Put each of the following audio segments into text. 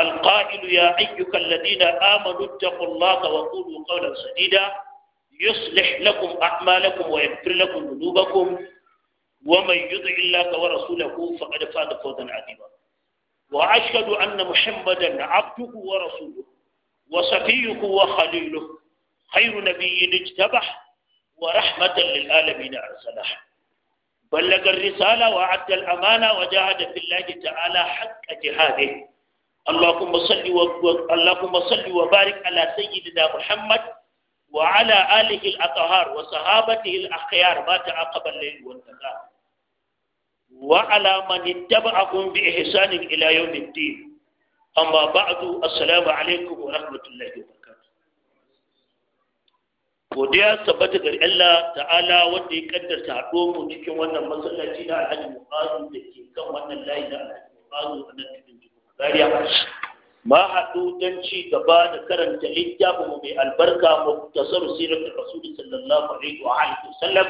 القائل يا أيها الذين آمنوا اتقوا الله وقولوا قولا سديدا يصلح لكم أعمالكم ويغفر لكم ذنوبكم ومن يطع الله ورسوله فقد فاز فوزا عظيما وأشهد أن محمدا عبده ورسوله وصفيه وخليله خير نبي اجتبح ورحمة للعالمين أرسله بلغ الرسالة وعد الأمانة وجاهد في الله تعالى حق جهاده اللهم صل و... اللهم صل وبارك على سيدنا محمد وعلى آله الأطهار وصحابته الأخيار ما تعاقب الليل والنهار وعلى من اتبعهم بإحسان إلى يوم الدين أما بعد السلام عليكم ورحمة الله وبركاته godiya tabbata gari Allah ta'ala wanda ya kaddarta haɗo mu cikin wannan masallaci na Alhaji Mu'azu da ke kan wannan layi na Alhaji Mu'azu a nan zariya ma haɗu don ci gaba da karanta mu mai albarka muktasar siratul rasul sallallahu alaihi wa alihi wasallam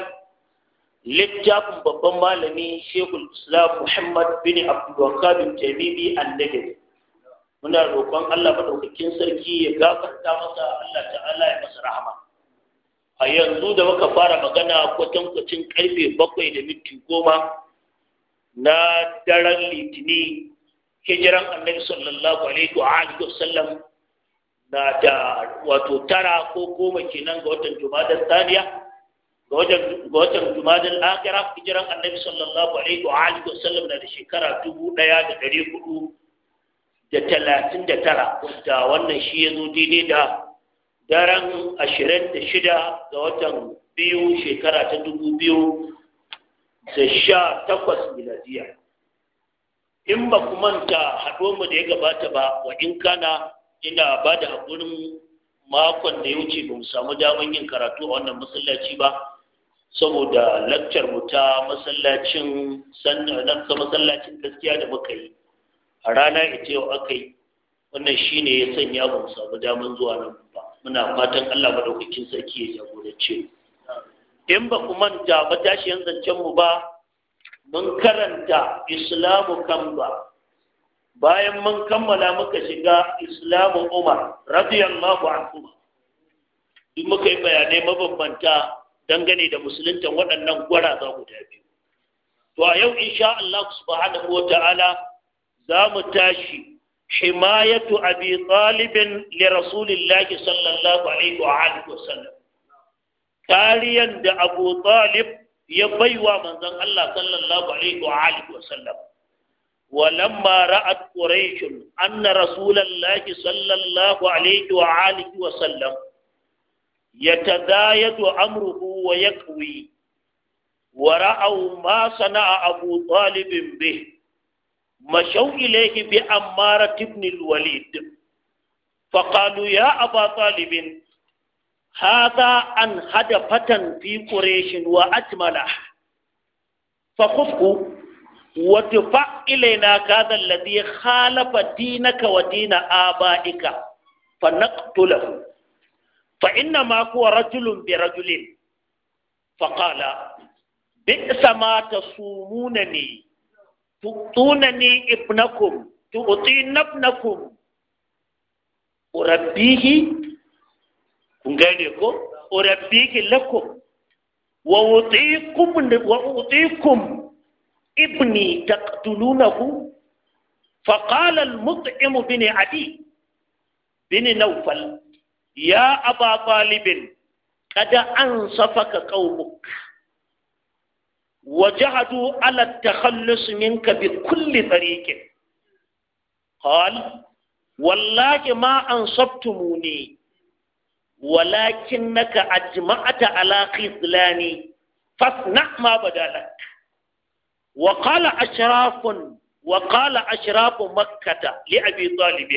littafin babban malami shekul islam muhammad bin bin tabibi annabi muna roƙon Allah maɗaukakin sarki ya gafarta masa Allah ta'ala ya masa rahama a yanzu da muka fara magana kwatankwacin karfe bakwai da minti goma na daren litini hijiran annabi sallallahu alaihi wa alihi wasallam na da wato tara ko goma kenan ga watan jumadar saniya ga watan jumadar akira hijiran annabi sallallahu alaihi wa alihi wasallam na da shekara dubu ɗaya da dari hudu da talatin da tara da wannan shi ya zo daidai da daren ashirin da shida ga watan biyu shekara ta dubu biyu da sha takwas miladiya in ba ku manta haɗuwar mu da ya gabata ba wa in kana ina ba da haƙurin makon da ya wuce ba mu samu daman yin karatu a wannan masallaci ba saboda lakcar mu ta masallacin sannan masallacin gaskiya da muka yi a rana ita yau aka yi wannan shi ne ya sanya ba mu samu daman zuwa nan ba muna fatan Allah madaukakin sarki ya jagorance in ba ku manta ba tashi yan zancen mu ba mun karanta islamu kamba bayan mun kammala muka shiga islamu umar radiyallahu anhu duk muka yi bayanai mabambanta dangane da musulunta waɗannan gwara za ku tafi to a yau insha Allah subhanahu wa ta'ala za mu tashi himayatu abi talibin li rasulillahi sallallahu alaihi wa alihi wa sallam kariyan da abu talib ya baiwa manzon Allah sallallahu alaihi wa alihi wa sallam walamma ra'at quraish anna rasulallahi sallallahu alaihi wa alihi wa sallam yatadayatu amruhu wa yaqwi wa ra'aw ma sana'a abu talib bih mashaw ilayhi bi ammar ibn al-walid فقالوا يا أبا طالب هذا أن هدفة في قريش وأجمله فخفه وتفع إلينا هذا الذي خالف دينك ودين آبائك فنقتله فإنما هو رجل برجل فقال بئس ما تصومونني تؤتونني ابنكم تؤتين ابنكم أربيه kun gane ko urabbiki lakum wa utiikum wa utiikum ibni taqtulunahu فقال المطعم بن عدي بن نوفل يا أبا طالب قد أنصفك قومك وجهدوا على التخلص منك بكل طريق قال والله ما أنصبتموني walakin naka ajma'ata ala khislani fasna ma badalak wa qala ashrafun wa qala ashrafu makkah li abi talib